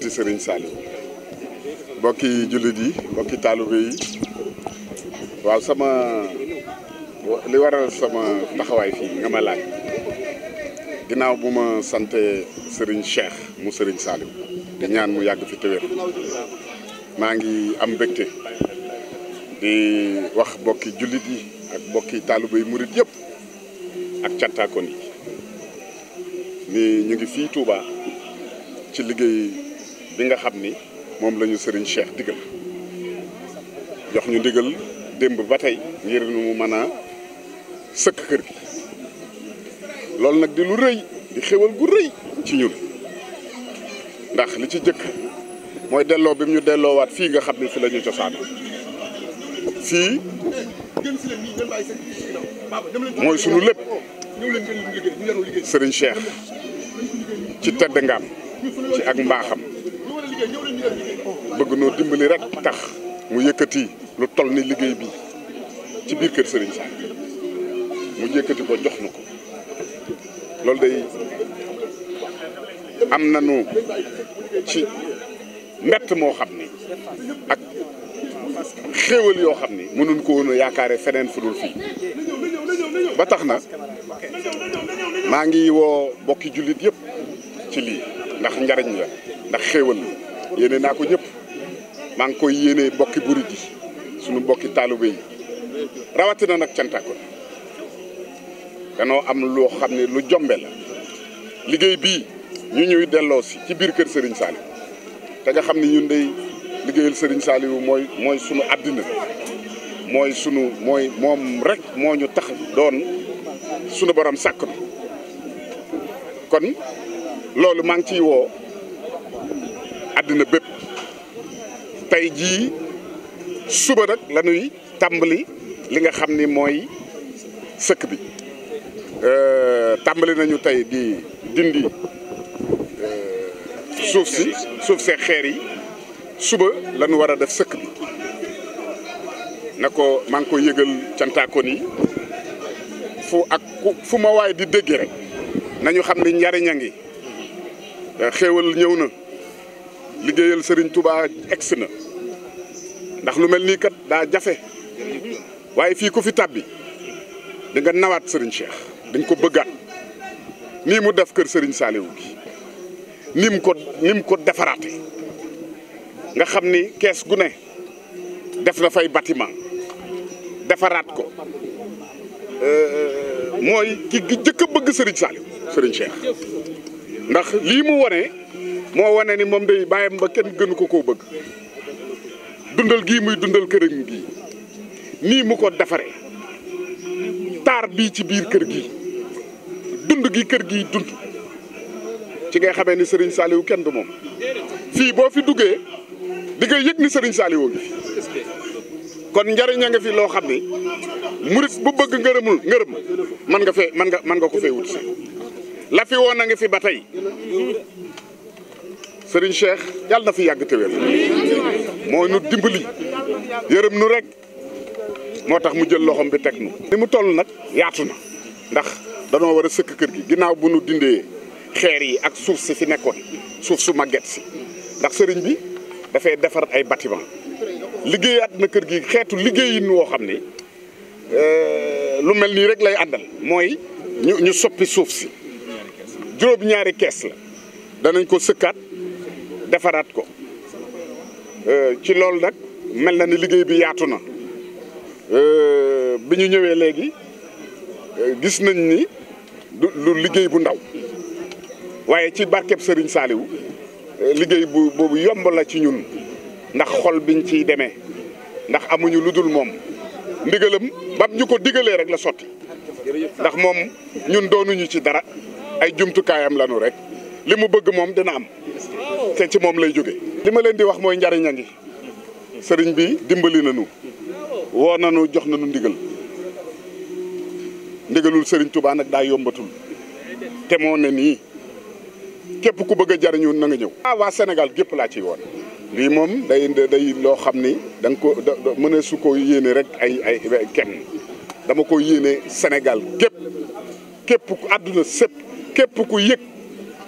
kërti sëriñ Saliou mbokki jullit yi mbokki taalibe yi waaw sama li waral sama taxawaay fii nga ma laaj ginnaaw bu ma sante sëriñ Cheikh mu sëriñ Saliou di ñaan mu yàgg fi téwér maa ngi am mbégte di wax mbokki jullit yi ak mbokki taalibe yi murit yëpp ak cantaakoon yi ni ñu ngi fii Touba ci liggéey li nga xam ni moom lañu ñu sëriñ Cheikh digal jox ñu digal démb ba tey ngir nu mu mën a sëkk kër gi loolu nag di lu rëy di xéwal gu rëy ci ñun ndax li ci jëkk mooy delloo bi mu ñu delloowaat fii nga xam ni fi la ñu cosaan fii mooy sunu lépp sëriñ Cheikh ci tedd ngaam ci ak mbaaxam bëgg noo dimbali rek tax mu yëkkati lu toll ni liggéey bi ci biir kër sëriñ sax mu yëkkati ko jox na ko loolu day am nañu ci mbett moo xam ni ak xéewal yoo xam ne mënuñ ko woon yaakaare feneen fu dul fii ba tax na maa ngi woo bokki jullit yépp ci lii ndax njariñ la ndax xéewal la yéene naa ko ñëpp maa ngi koy yéene bokki burit yi suñu bokki taalibe rawatina nag cantaako danoo am loo xam ne lu jombe la liggéey bi ñu ñuy delloo si ci biir kër sëriñ Saliou te nga xam ne ñun day liggéeyal sëriñ saali mooy mooy sunu àddina mooy sunu mooy moom rek moo ñu tax doon sunu borom sàkk kon loolu maa ngi ciy woo àddina bépp tey jii suba nag la tàmbali li nga xam ni mooy sëkk bi euh, tàmbali nañu tey di dindi euh, suuf si suuf see xeer yi suba la ñu war a def sëkk bi na ko maa ngi koy yëgal cantaakoon yi fu ak fu ma waay di dégg rek nañu xam ni njariñ a ngi xéewal ñëw na liggéeyal Serigne Touba egsi na ndax lu mel nii kat daa jafe waaye fii ko fi tàbbi da nawaat sëriñ Cheikh dañ ko bëggaat nii mu def kër sëriñ Saliou gi ni ko ni mu ko defaraate nga xam ni kees gu ne def na fay bâtiment defaraat ko euh, mooy ki gi jëkk a bëgg Serigne Saliou Serigne Cheikh ndax lii mu wone moo wane ni moom day bàyyam ba kenn gënu ko koo bëgg dundal gii muy dundal këram gii nii mu ko defare taar bii ci biir kër gi dund gi kër gi dund ci ngay xamee ni sëriñ Saliou kenn du moom fii boo fi duggee di nga yëg ni sëriñ Saliou ngi kon njariñ a nga fi loo xam ni murit bu bëgg ngërëmul ngërëm man nga fee man nga nga ko fee wut si la fi woon a fi ba tey Serigne Cheikh yàlla na fi yàgg te wér moo nu dimbali yërëm nu rek moo tax mu jël loxoom bi teg nu ni mu toll nag yaatu na ndax danoo war a sëkk kër gi ginnaaw bu nu dindee xeer yi ak suuf si fi nekkoon suuf su màgget si ndax sëriñ bi dafay defar ay bâtiment liggéeyaat na kër gi xeetu liggéeyin woo xam ne euh, lu mel nii rek lay àndal mooy ñu ñu soppi suuf si juróom ñaari kees la danañ ko sëkkaat defaraat ko euh, ci loolu nag mel na ni liggéey bi yaatu na euh, bi ñu ñëwee léegi euh, gis nañ ni lu liggéey bu ndaw waaye ci barkeb Serigne Saliou liggéey bu boobu yomb la ci ñun ndax xol biñ ciy demee ndax amuñu lu dul moom ndigalam bam ñu ko digalee rek la sotti ndax moom ñun doonuñu ci dara ay jumtukaayam lanu rek li mu bëgg moom dina am te ci moom lay jóge li ma leen di wax mooy njariña ngi sëriñ bi dimbali nañu woo nañu jox nañu ndigal ndigalul sëriñ Touba nag daa yombatul te moo ne nii képp ku bëgg a jariñu na ñëw. ah waa Sénégal gépp laa ci woon. lii moom day day loo xam ni da ko da mënee su ko yéene rek ay ay kenn dama ko yéene senegal gépp képp ku àdduna sépp képp ku yëg.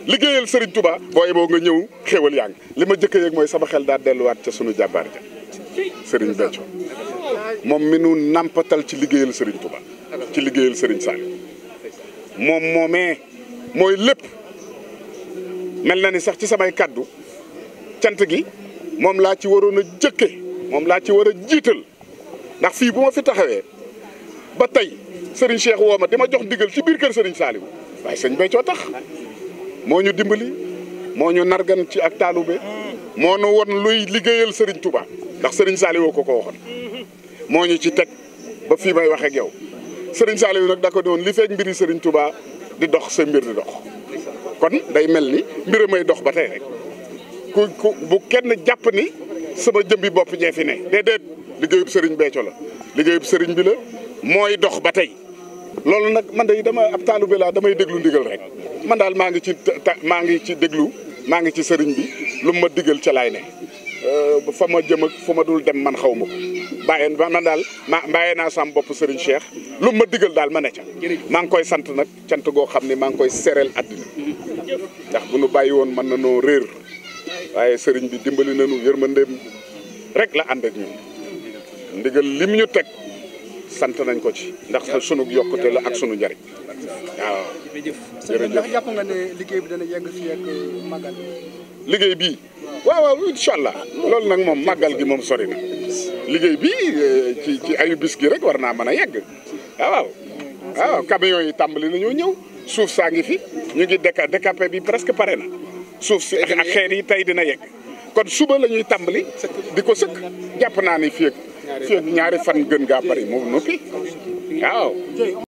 liggéeyal Serigne Touba booy boo nga ñëw xéwal yaa ngi li ma jëkk yëg mooy sama xel daa delluwaat ca sunu jàmbaar ja Serigne Béthio moom mi nu nampatal ci liggéeyal Serigne Touba ci liggéeyal Serigne Saliou moom moomee mooy lépp mel na ni sax ci samay kàddu cant gi moom laa ci waroon a jëkke moom laa ci war a jiital ndax fii bu ma fi taxawee ba tey Serigne Cheikh woo ma di ma jox ndigal ci biir kër Serigne Saliou waaye sëñ Béthio tax moo ñu dimbali moo ñu nargan ci ak taalube moo nu won luy liggéeyal Serigne Touba ndax Serigne Saliou ko ko waxoon moo ñu ci teg ba fii may wax ak yow Serigne Saliou nag da ko doon li fekk mbiri Serigne Touba di dox sa mbir di dox kon day mel ni mbir may dox ba tey rek ku ku bu kenn jàpp ni sama jëmbi bopp ñee fi ne déedéet liggéeyub Serigne Béthio la liggéeyub sëriñ bi la mooy dox ba tey loolu nag man de dama ab taalibe laa damay déglu ndigal rek man daal maa ngi ci maa ngi ci déglu maa ngi ci sëriñ bi lu ma digal ca laay ne euh, fa ma jëm ak fu ma dul dem man xaw ma ko bàyyeen ba man daal ma bàyyee naa sam bopp sëriñ Cheikh lu ma digal daal ma ne ca maa ngi koy sant nag cant goo xam ne maa ngi koy sereel àddina ndax bu nu bàyyi woon mën na noo réer waaye sëriñ bi dimbali na nu nañu yërmandeem rek la ànd ak ñun ndigal lim ñu teg sant nañ ko ci ndax sunu yokkute la ak sunu njariñ waaw. jërëjëf ndax jàpp nga ne liggéey bi dana yegg fii ak uh, màggal. liggéey bii waaw waaw incha allah loolu nag moom màggal gi moom sori na liggéey bii uh, ci ci ayu gi rek war naa mën a yegg waaw. waaw camion yi tàmbali nañoo ñëw suuf saa ngi fi ñu ngi déca décapé bi presque pare na suuf si ak xeer yi tey dina yegg kon suba la ñuy tàmbali di ko sëkk jàpp naa ni fii ak ci ñaari fan gën gaa bari moom noppi